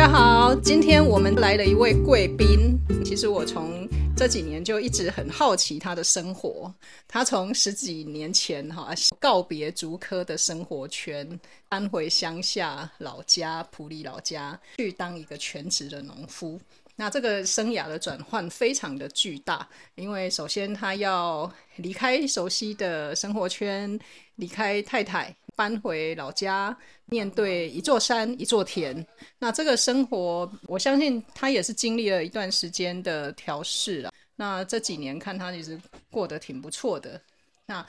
大家好，今天我們來了一位貴賓。其實我從這幾年就一直很好奇他的生活。他從十幾年前哈告別竹科的生活圈，搬回鄉下老家，埔里老家，去當一個全職的農夫。那這個生涯的轉換非常的巨大，因為首先他要離開熟悉的生活圈，離開太太。搬回老家，面對一座山，一座田。那這個生活，我相信他也是經歷了一段時間的調適了。那這幾年看他其實過得挺不錯的。那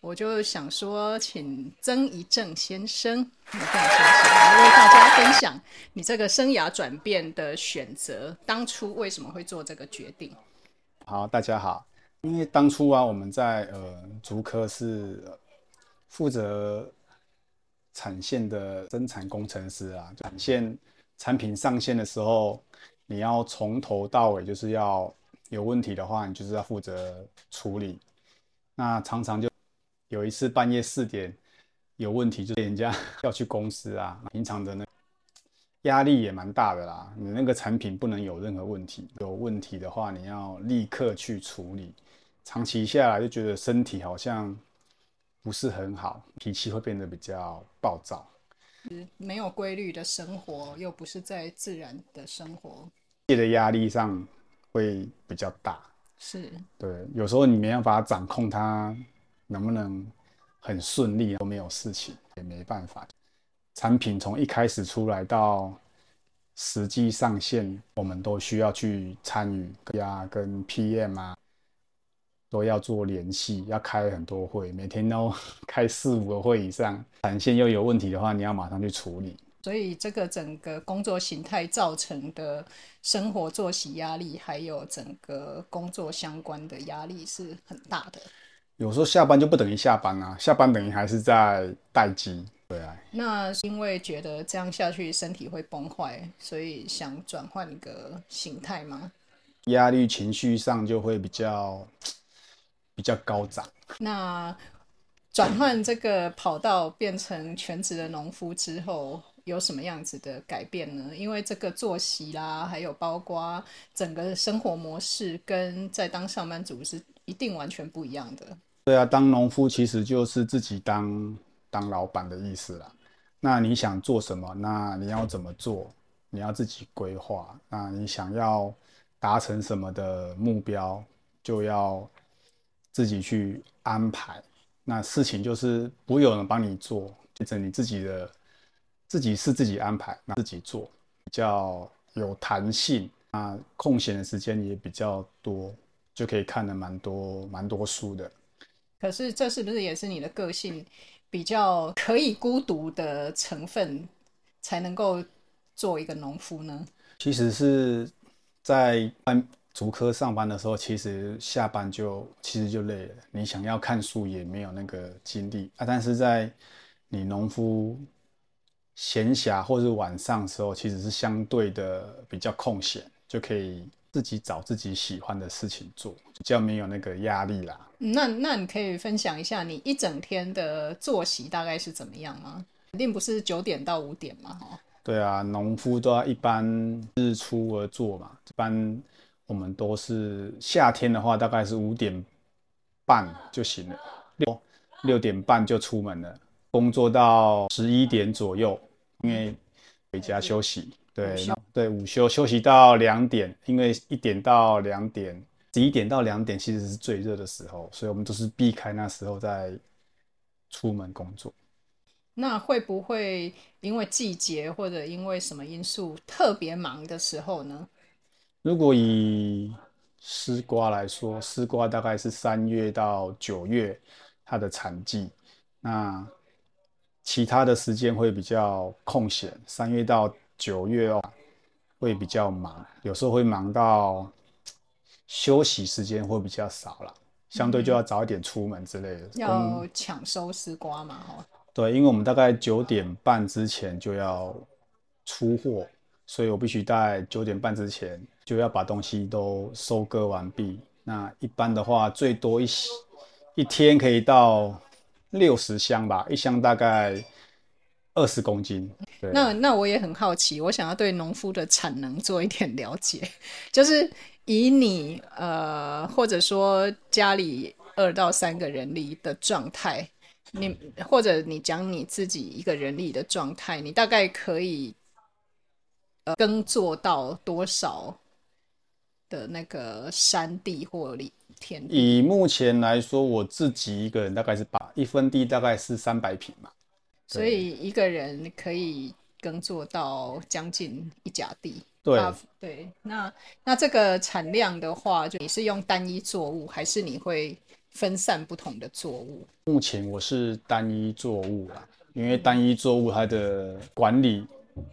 我就想說，請曾一正先生來為大家分享你這個生涯轉變的選擇，當初為什麼會做這個決定？好，大家好。因為當初啊，我們在呃竹科是負責。產線的生產工程師啊，產線產品上線的時候，你要從頭到尾就是要有問題的話，你就是要負責處理。那常常就有一次半夜四點有問題，就人家 要去公司啊。平常的那壓力也蠻大的啦。你那個產品不能有任何問題，有問題的話你要立刻去處理。長期下來就覺得身體好像不是很好，脾氣會變得比較暴躁，沒有規律的生活，又不是在自然的生活，業的壓力上會比較大。是，對，有時候你沒辦法掌控它，能不能很順利，都沒有事情，也沒辦法。產品從一開始出來到實際上線，我們都需要去參與，呀、啊，跟 PM 啊。都要做聯繫，要開很多會，每天都開四五個會以上。產線又有問題的話，你要馬上去處理。所以，這個整個工作形態造成的生活作息壓力，還有整個工作相關的壓力是很大的。有時候下班就不等於下班啊，下班等於還是在待機。對啊。那因為覺得這樣下去身體會崩壞，所以想轉換一個形態嗎？壓力情緒上就會比較。比較高漲。那轉換這個跑道變成全職的農夫之後，有什麼樣子的改變呢？因為這個作息啦，還有包括整個的生活模式，跟在當上班族是一定完全不一樣的。對啊，當農夫其實就是自己當當老闆的意思啦。那你想做什麼？那你要怎麼做？你要自己規劃。那你想要達成什麼的目標，就要。自己去安排那事情，就是不會有人幫你做，就你自己的自己是自己安排，那自己做比較有彈性啊，那空閒的時間也比較多，就可以看的蠻多蠻多書的。可是這是不是也是你的個性比較可以孤獨的成分才能夠做一個農夫呢？嗯。其實是在竹科上班的時候，其實下班就其實就累了。你想要看書也沒有那個精力啊。但是在你農夫閒暇,暇或是晚上的時候，其實是相對的比較空閒，就可以自己找自己喜歡的事情做，比較沒有那個壓力啦。那那你可以分享一下你一整天的作息大概是怎麼樣嗎？肯定不是九點到五點嘛，哈。對啊，農夫都要一般日出而作嘛，一般。我們都是夏天的話，大概是五點半就醒了，六六點半就出門了，工作到十一點左右，因為回家休息。對，那對午休對對午休，休息到兩點，因為一點到兩點，十一點到兩點其實是最熱的時候，所以我們都是避開那時候再出門工作。那會不會因為季節或者因為什麼因素特別忙的時候呢？如果以絲瓜來說，絲瓜大概是三月到九月它的產季，那其他的時間會比較空閒。三月到九月哦，會比較忙，有時候會忙到休息時間會比較少了，相對就要早一點出門之類的。要搶收絲瓜嘛？哦，對，因為我們大概九點半之前就要出貨。所以我必須在九點半之前就要把東西都收割完畢。那一般的話，最多一一天可以到六十箱吧，一箱大概二十公斤。那那我也很好奇，我想要對農夫的產能做一點了解，就是以你呃，或者說家裡二到三個人力的狀態，你或者你講你自己一個人力的狀態，你大概可以耕作到多少的那個山地或天，田地？以目前來說，我自己一個人大概是把一分地大概是三百坪嘛，所以一個人可以耕作到將近一甲地。對、啊、對，那那這個產量的話，就你是用單一作物，還是你會分散不同的作物？目前我是單一作物啊，因為單一作物它的管理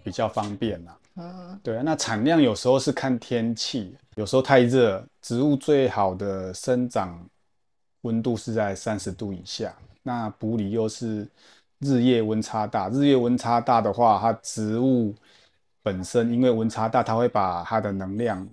比較方便啦、啊。嗯。對啊，那產量有時候是看天氣，有時候太熱，植物最好的生長溫度是在三十度以下。那埔里又是日夜溫差大，日夜溫差大的話，它植物本身因為溫差大，它會把它的能量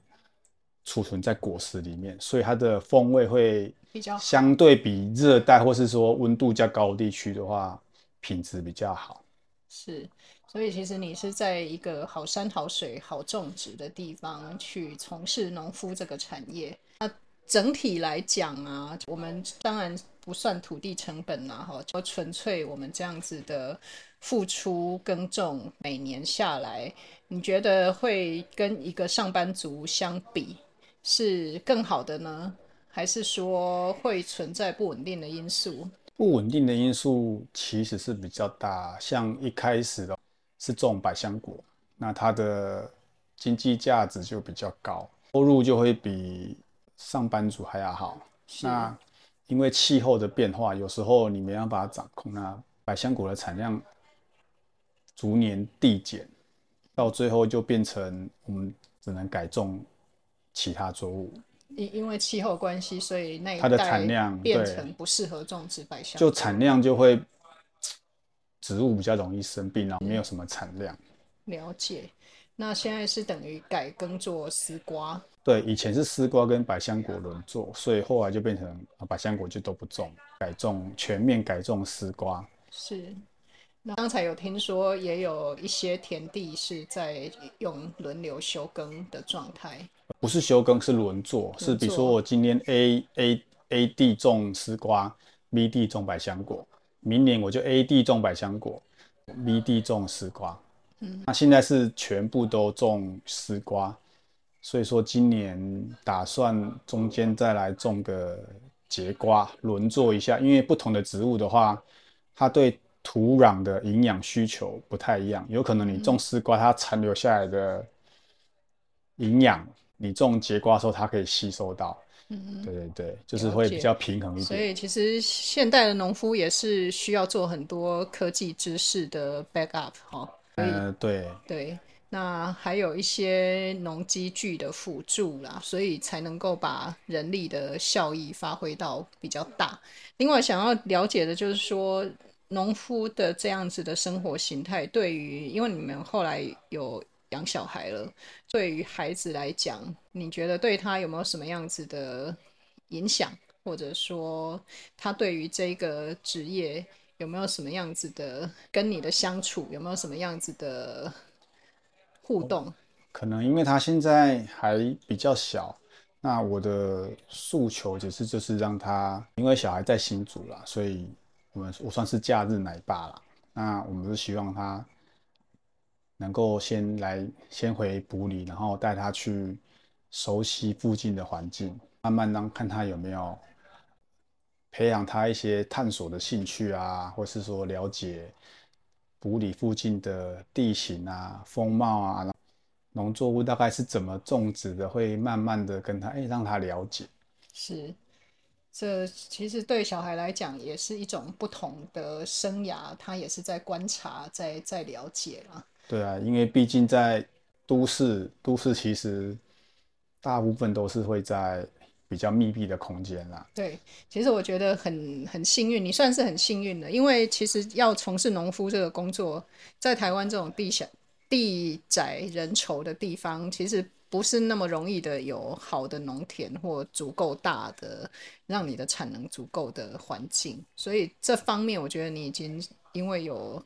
儲存在果實裡面，所以它的風味會比較相對比熱帶或是說溫度較高的地區的話，品質比較好。是。所以其實你是在一個好山好水、好種植的地方去從事農夫這個產業。那整體來講啊，我們當然不算土地成本啦，哈，就純粹我們這樣子的付出耕種，每年下來，你覺得會跟一個上班族相比是更好的呢？還是說會存在不穩定的因素？不穩定的因素其實是比較大，像一開始的。是種百香果，那它的經濟價值就比較高，收入就會比上班族還要好。嗯、那因為氣候的變化，有時候你沒辦法掌控，那百香果的產量逐年遞減，到最後就變成我們只能改種其他作物。因因為氣候關係，所以那它的產量變成不適合種植百香果。就產量就會。植物比較容易生病，然後沒有什麼產量。了解，那現在是等於改耕作絲瓜。對，以前是絲瓜跟百香果輪作，所以後來就變成、啊、百香果就都不種，改種全面改種絲瓜。是，那剛才有聽說也有一些田地是在用輪流休耕的狀態。不是休耕，是輪作。是，比如說我今天 A A A D 種絲瓜，B D 種百香果。明年我就 A 地種百香果，B 地種絲瓜。嗯，那現在是全部都種絲瓜，所以說今年打算中間再來種個節瓜，輪作一下。因為不同的植物的話，它對土壤的營養需求不太一樣。有可能你種絲瓜，它殘留下來的營養，你種節瓜的時候它可以吸收到。嗯，對對對，就是會比較平衡一點。所以其實現代的農夫也是需要做很多科技知識的 backup 哦、嗯。所以對對，那還有一些農機具的輔助啦，所以才能夠把人力的效益發揮到比較大。另外想要了解的就是說，農夫的這樣子的生活形態，對於因為你們後來有。養小孩了，對於孩子來講，你覺得對他有沒有什麼樣子的影響？或者說，他對於這個職業有沒有什麼樣子的？跟你的相處有沒有什麼樣子的互動，哦？可能因為他現在還比較小，那我的訴求其實就是讓他，因為小孩在新竹啦，所以我們我算是假日奶爸啦。那我們是希望他。能夠先來先回埔里，然後帶他去熟悉附近的環境，慢慢讓看他有沒有培養他一些探索的興趣啊，或是說了解埔里附近的地形啊、風貌啊，然後農作物大概是怎麼種植的，會慢慢的跟他哎，讓他了解。是，這其實對小孩來講也是一種不同的生涯，他也是在觀察，在在了解對啊，因為畢竟在都市，都市其實大部分都是會在比較密閉的空間啦。對，其實我覺得很很幸運，你算是很幸運的，因為其實要從事農夫這個工作，在台灣這種地小地窄人稠的地方，其實不是那麼容易的有好的農田或足夠大的讓你的產能足夠的環境，所以這方面我覺得你已經因為有。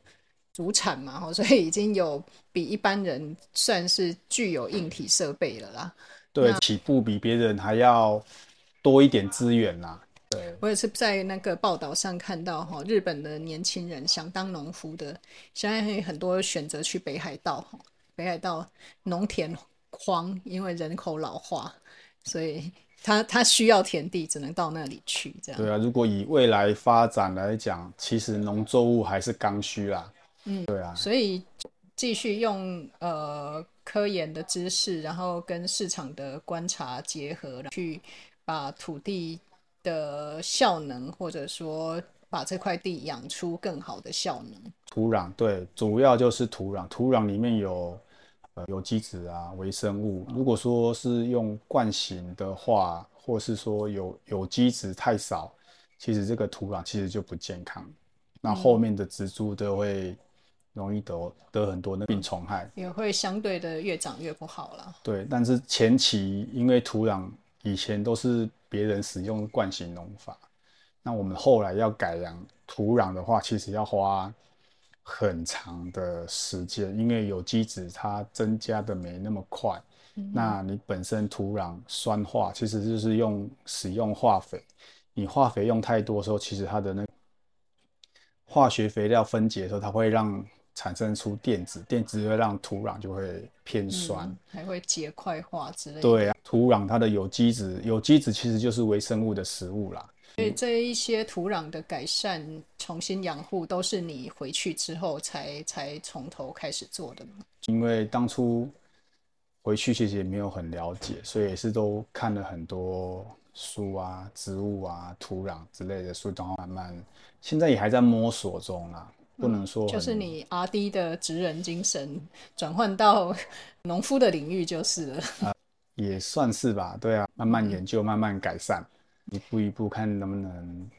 主產嘛，哈，所以已經有比一般人算是具有硬體設備了啦。對，起步比別人還要多一點資源啦。對、啊，我也是在那個報道上看到，哈，日本的年輕人想當農夫的，相當於很多選擇去北海道。北海道農田荒，因為人口老化，所以他他需要田地，只能到那裡去。這樣對啊。如果以未來發展來講，其實農作物還是剛需啦。嗯，對啊，嗯，所以繼續用呃科研的知識，然後跟市場的觀察結合，去把土地的效能，或者說把這塊地養出更好的效能。土壤，對，主要就是土壤，土壤裡面有呃有機質啊、微生物。如果說是用慣行的話，或是說有有機質太少，其實這個土壤其實就不健康，那後面的植株都會。容易得得很多，那病蟲害也會相對的越長越不好了。對，但是前期因為土壤以前都是別人使用慣性農法，那我們後來要改良土壤的話，其實要花很長的時間，因為有機質它增加的沒那麼快。嗯，那你本身土壤酸化，其實就是用使用化肥，你化肥用太多的時候，其實它的那化學肥料分解的時候，它會讓產生出電子，電子會讓土壤就會偏酸，嗯啊、還會結塊化之類的。對啊，土壤它的有機質，有機質其實就是微生物的食物啦。所以這一些土壤的改善、重新養護，都是你回去之後才才從頭開始做的嗎？因為當初回去其實也沒有很了解，所以也是都看了很多書啊、植物啊、土壤之類的書，然後慢慢現在也還在摸索中啦、啊。不能說，就是你 RD 的職人精神轉換到農夫的領域就是了，嗯就是就是了呃，也算是吧。對啊，慢慢研究，慢慢改善，嗯，一步一步看能不能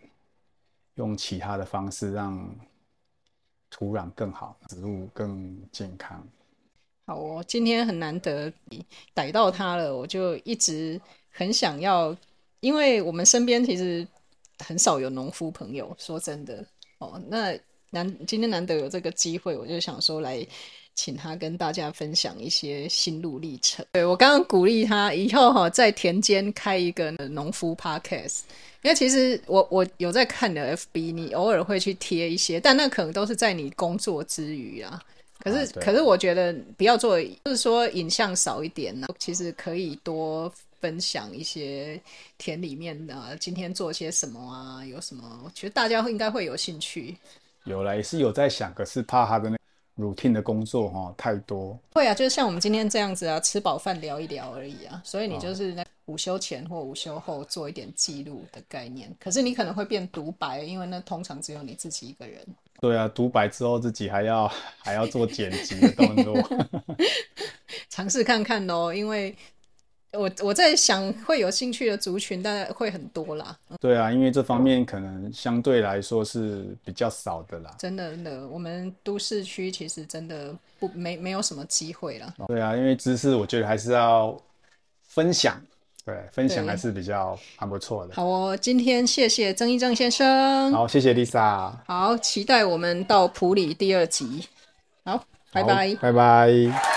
用其他的方式讓土壤更好，植物更健康。好，哦，我今天很難得逮到他了，我就一直很想要，因為我們身邊其實很少有農夫朋友，說真的哦，那。難，今天難得有這個機會，我就想說來請他跟大家分享一些心路歷程。對，我剛剛鼓勵他以後哈，在田間開一個農夫 podcast，因為其實我我有在看的 FB，你偶爾會去貼一些，但那可能都是在你工作之餘啊。可是、啊、可是我覺得不要做，就是說影像少一點呢，其實可以多分享一些田裡面的今天做些什麼啊，有什麼？我覺得大家應該會有興趣。有啦，也是有在想，可是怕他的那 routine 的工作哈、哦、太多。會啊，就是像我們今天這樣子啊，吃飽飯聊一聊而已啊，所以你就是在午休前或午休後做一點記錄的概念、嗯。可是你可能會變獨白，因為那通常只有你自己一個人。對啊，獨白之後自己還要還要做剪輯的動作，嘗 試 看看咯，因為。我我在想會有興趣的族群，當然會很多啦。對啊，因為這方面可能相對來說是比較少的啦。真的，真的，我們都市區其實真的不沒沒有什麼機會了。對啊，因為知識我覺得還是要分享，對，分享還是比較蠻不錯的。好哦，今天謝謝曾一正先生，好，謝謝麗莎，好，期待我們到埔里第二集，好，好，拜拜，拜拜。